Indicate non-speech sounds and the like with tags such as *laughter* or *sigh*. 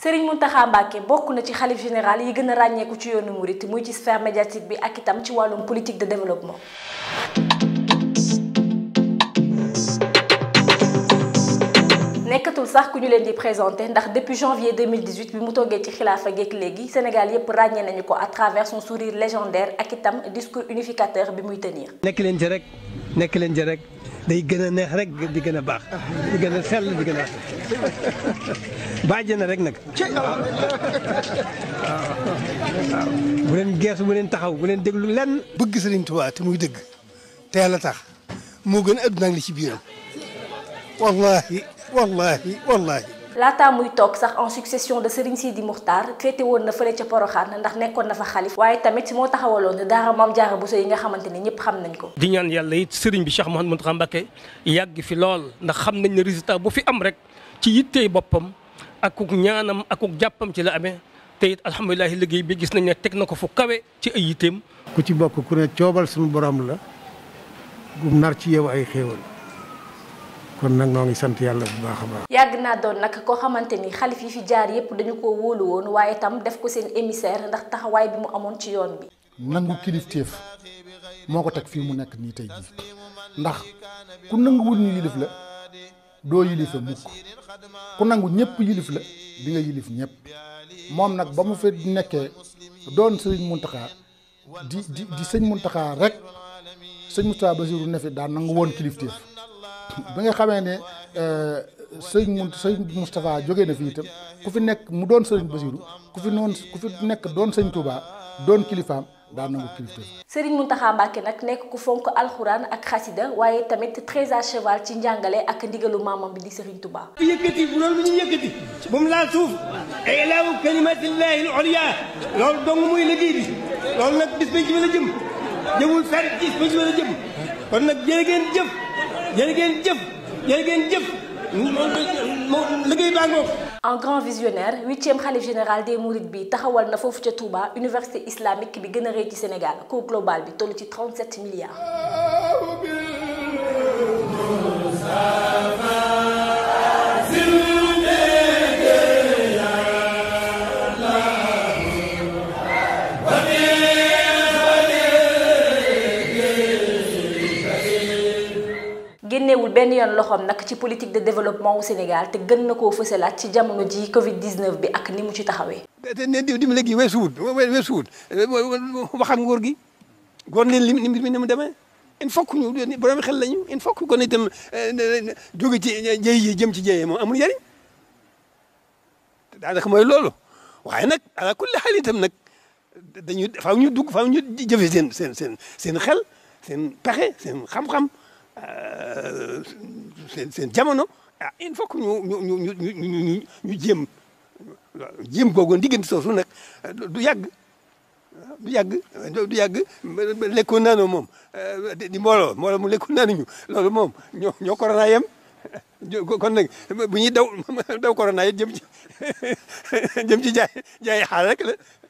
Serigne Mountakha Mbacké bokku na ci xalif général yi gëna a ràññeeku ci yoonu mouride muy ci sphère médiatique bi ak itam ci walum politique de développement. nekkatul sax ku ñu leen di présenté ndax depuis janvier 2018 bi mu toggé ci khilafa geek léegi Sénégal yépp ràññee nañu ko à travers son sourire légendaire ak itam discours unificateur bi muy tenir. nek leen ci rek nek leen ci rek day gëna neex rek di gëna baax di gëna a sell di gëna *laughs* bàjjana rek nag. bu leen geesu bu leen taxaw bu leen déglu lenn. bëgg Sëriñ Tuubaa te muy dëgg te yàlla tax moo gën a adduna li ci biiram wallahi wallahi wallahi laataa muy toog sax en succession de Serigne Sidi Moukhtar féete woon na fële ca Porokhane ndax nekkoon na fa xalif waaye tamit moo taxawaloon daara Maam Jaara Bousso yi nga xamante ne ñëpp xam nañ ko di ñaan yàlla it Serigne bi Cheikh Mouhamadou Mountakha Mbacké yàgg fi lool ndax xam nañ ne résultat bu fi am rek ci yittey boppam akuk ñaanam akuk jàppam ci la amee te it alhamdulilah liggéey bi gis nañ ne teg na ko fu kawe ci ay yiteem. ku ci bokk ku ne coobal suñu boroom la gum nar ci yow ay xéewal kon nag noo ngi sant yàlla bu baax a baax. yàgg naa doon nag koo xamante ni xalif yi fi jaar yépp dañu ko wóolu woon waaye tam def ko seen émissaire ndax taxawaay bi mu amoon ci yoon bi. nangu kilifteef moo ko teg fii mu nekk nii tey ndax ku nanguwul ni li def la. doo yilife mukk ku nangu ñëpp yilif la di nga yilif ñëpp moom nag ba mu fi nekkee doon sëñ Muntaxa di di di sëñ Muntaxa rek sëñ Moustapha Bassirou ne fi daan nangu woon kilifteef bi nga xamee ne sëñ mun sëñ Moustapha jóge na fii itam ku fi nekk mu doon sëñ Bassirou ku fi noon ku fi nekk doon sëñ Touba doon kilifaam daa nangu culture. Serigne nag nekk ku fonk alxuraan ak xasida waaye tamit très à ci njàngale ak ndigalu maamam bi di Serigne Touba. bu yëkkati bu loolu bu ñu yëkkati bu mu laal suuf ilaahu kalimatillahi al-ulya loolu dong muy liggéey bi nag bis ba la jëm jëmul fer bis ba ci la jëm kon nag jërë ngeen jëf jërë ngeen jëf jërë baa ngoog en grand visionnaire huitième ème général des Mourides bi taxawal na université islamique qui gëna a ci Sénégal coût global bi tollu ci 37 milliards. génnewul ben yon loxom nak ci politique de développement au Sénégal te gën nako fësselat ci jamono ji Covid 19 bi ak ni mu ci taxawé te ne dimbali gi weesuwut weesuwut wax ak ngor gi gor né lim mi ni mu démé il faut que ñu borom xel lañu il faut ko kon itam jóge ci jëy yi jëm ci jey mo amul yari da nak moy lolu waye nak ala kul xaal itam nag dañuy faaw ñu dug faaw ñu jëfe sen sen sen seen xel sen pexe sen xam-xam. seen seen jamono ah il faut que ñu ñu ñu ñu ñu jéem jéem googu diggante soosu nag du yàgg du yàgg du yàgg lekkoon naanoo moom di mbooloo mbooloo mu lekkoon naanuñu loolu moom ñoo ñoo corona yem kon nag bu ñuy daw daw corona yi jëm ci jëm ci jaay